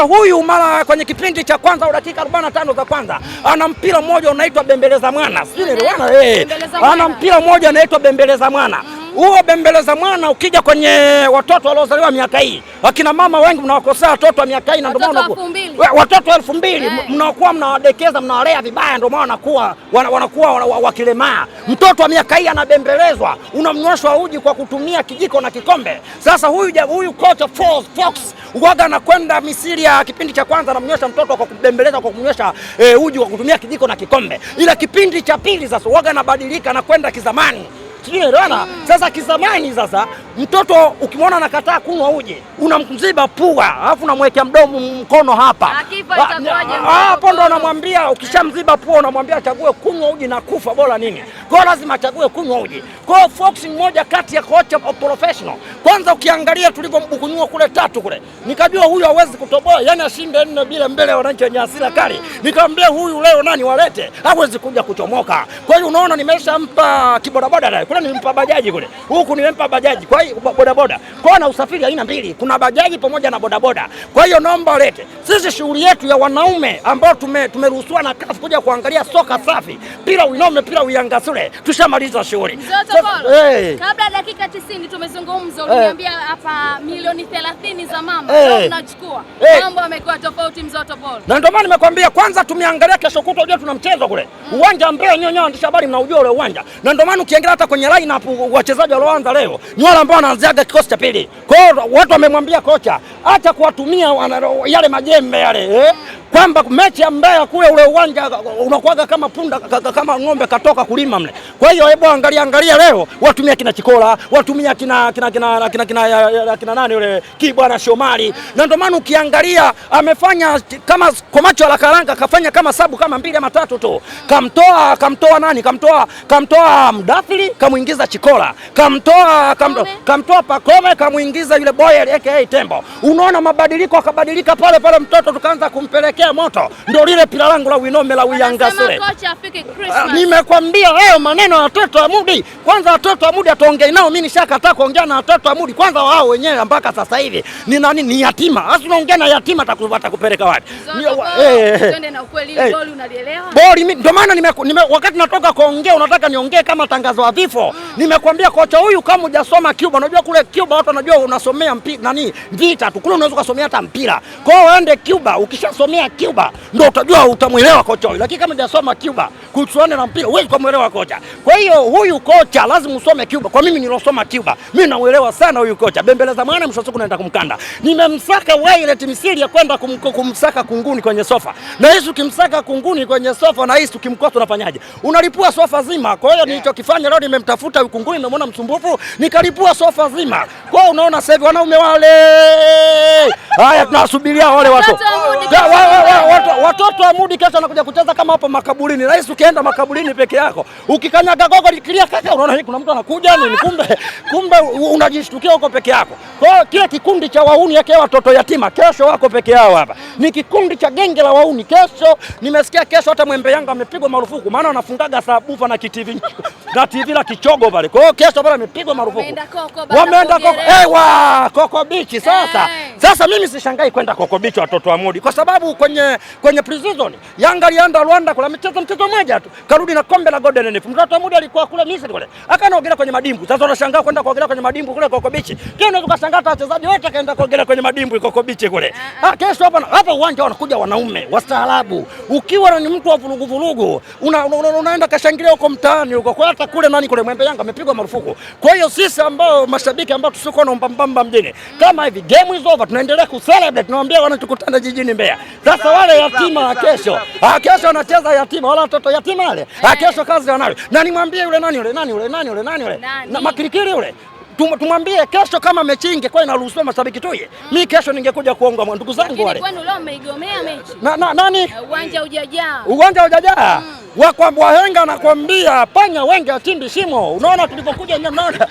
Huyu mara kwenye kipindi cha kwanza au dakika 45 za kwanza ana mpira mmoja unaitwa bembeleza mwana, sijui eh, niliona eh, ana mpira mmoja unaitwa bembeleza mwana mm-hmm huo bembeleza mwana. Ukija kwenye watoto waliozaliwa miaka hii, akina mama wengi mnawakosea watoto wa miaka hii, na ndio maana watoto elfu mbili eh. mnaokuwa mnawadekeza mnawalea vibaya, ndio maana wanakuwa wanakuwa wakilemaa. Mtoto wa miaka hii anabembelezwa, unamnyweshwa uji kwa kutumia kijiko na kikombe. Sasa huyu huyu kocha Fox uwaga anakwenda Misri ya kipindi cha kwanza, anamnywesha mtoto kwa kubembeleza, kwa kumnywesha e, uji kwa kutumia kijiko na kikombe, ila kipindi cha pili sasa uwaga anabadilika, anakwenda kizamani sijui unaelewana. Mm. Sasa kizamani sasa Mtoto ukimwona anakataa kunywa uje unamziba pua, alafu unamwekea mdomo mkono hapa ah, hapo, ndo anamwambia. Ukishamziba pua unamwambia achague kunywa uji na kufa bora nini? Kwa lazima achague kunywa uji. Kwa Fox ni mmoja kati ya kocha professional. Kwanza ukiangalia tulivyombukunyua kule tatu kule, nikajua huyu hawezi kutoboa, yani ashinde nne bila mbele ya wananchi wenye hasira kali. Nikamwambia huyu leo nani walete, hawezi kuja kuchomoka. Kwa hiyo unaona nimeshampa kibodaboda kule, nilimpa bajaji kule, huku nilimpa bajaji kwa bajaji bodaboda. Kwa hiyo na usafiri aina mbili, kuna bajaji pamoja na bodaboda. Kwa hiyo naomba lete sisi shughuli yetu ya wanaume ambao tumeruhusiwa na CAF kuja kuangalia soka safi, pira uinome, pira uiangasule, tushamaliza shughuli. Hey. Kabla dakika 90 tumezungumza, uliniambia hapa milioni 30 za mama hey. tunachukua hey. Mambo yamekuwa tofauti Mzoto Ball. Na ndio maana nimekwambia kwanza tumeangalia kesho kutwa unajua tuna mchezo kule. Mm. Uwanja ambao nyonyo, waandishi habari mnaujua ule uwanja. Na ndio maana ukiangalia hata kwenye lineup wachezaji walioanza leo ni wale ambao alikuwa anaanzaga kikosi cha pili. Kwa hiyo watu wamemwambia kocha, acha kuwatumia yale majembe yale eh? kwamba mechi ya Mbeya kule, ule uwanja unakuwaga kama punda kama ng'ombe katoka kulima mle. Kwa hiyo hebu angalia angalia, leo watumia kina Chikola, watumia kina kina kina kina kina, kina nani yule Kibwana Shomari, na ndio maana ukiangalia amefanya kama kwa macho ya karanga, kafanya kama sabu kama mbili ama tatu tu, kamtoa kamtoa nani, kamtoa kamtoa Mdathili, kamuingiza Chikola, kamtoa kamtoa, kamtoa Pakome, kamuingiza yule boy aka Tembo. Unaona mabadiliko, akabadilika pale pale mtoto, tukaanza kumpeleka nitie moto, ndio lile pila langu la Winome la uyangasile. Ah, nimekwambia hayo maneno ya watoto wa Mudi. Kwanza watoto wa Mudi ataongea nao, mimi nishakataa kuongea na watoto wa Mudi. Kwanza wao wenyewe mpaka sasa hivi ni nani? Ni yatima. Sasa unaongea na yatima, atakupeleka wapi? Bori eh, eh, eh. ndio maana wakati natoka kuongea, unataka niongee kama tangazo la vifo mm. Nimekwambia kocha huyu kama hujasoma Cuba, unajua kule Cuba watu wanajua unasomea mpira nani, vita tu kule, unaweza ukasomea hata mpira. Kwa hiyo waende Cuba, ukishasomea Cuba ndio utajua utamwelewa kocha huyu, lakini kama hujasoma Cuba kuchuana na mpira huwezi kumwelewa kocha. Kwa hiyo huyu kocha lazima usome Cuba. Kwa mimi nilosoma Cuba, mimi namuelewa sana huyu kocha. Bembeleza maana mshotso kunaenda kumkanda. Nimemsaka Wailet Misiri ya kwenda kumsaka kunguni kwenye sofa. Na Yesu kimsaka kunguni kwenye sofa na Yesu tukimkosa unafanyaje? Unalipua sofa zima. Kwa hiyo yeah, nilichokifanya leo nimemtafuta huyu kunguni nimemwona msumbufu, nikalipua sofa zima. Kwa hiyo unaona sasa hivi wanaume wale. Haya tunasubiria wale watu. Watoto wa Mudi kesho wanakuja kucheza kama hapo makaburini. Rais ukienda makaburini peke yako, ukikanyaga gogo likilia, kaka, unaona kuna mtu anakuja nini? Kumbe kumbe unajishtukia huko peke yako. Kwa hiyo kile kikundi cha wauni yake watoto yatima kesho wako peke yao hapa, ni kikundi cha genge la wauni kesho. Nimesikia kesho hata mwembe Yanga amepigwa marufuku, maana wanafungaga sabufa na kitivi na TV la kichogo pale. Kwa hiyo kesho bana amepigwa marufuku, wameenda koko, ewa koko bichi sasa hey. Eh. Sasa mimi sishangai kwenda Coco Beach watoto wa Mudi, kwa sababu kwenye kwenye pre-season Yanga alienda Rwanda kula michezo mchezo mmoja tu, karudi na kombe la Golden Leaf. Mtoto wa Mudi alikuwa kule Misri kule, akaogelea kwenye madimbu. Sasa unashangaa kwenda kuogelea kwenye madimbu kule Coco Beach, kile unaweza kushangaa hata wachezaji wote kaenda kuogelea kwenye madimbu Coco Beach kule. Ah. ah, kesho hapa hapa uwanja wanakuja wanaume wastaarabu. Ukiwa ni mtu wa vurugu vurugu, unaenda kashangilia huko mtaani huko, kwa hata kule nani kule Mwembe Yanga amepigwa marufuku. Kwa hiyo sisi ambao mashabiki ambao tusiko na mbambamba mjini kama hivi, game is over tunaendelea kucelebrate, tunawaambia wana tukutane jijini Mbeya. Sasa wale yatima wa kesho, ah, kesho anacheza yatima, wala watoto yatima wale, ah, eh. kesho kazi wanayo. Na nimwambie yule nani yule nani yule nani yule nani yule na makirikiri yule tumwambie kesho, kama mechi ingekuwa inaruhusiwa mashabiki tu, mm. mi kesho ningekuja kuonga mwa ndugu zangu wale. Kwani leo mechi? Na, na, nani eh, uwanja hujajaa, uwanja hujajaa. Mm. Wahenga nakwambia, panya wengi achimbi shimo. Unaona tulipokuja unaona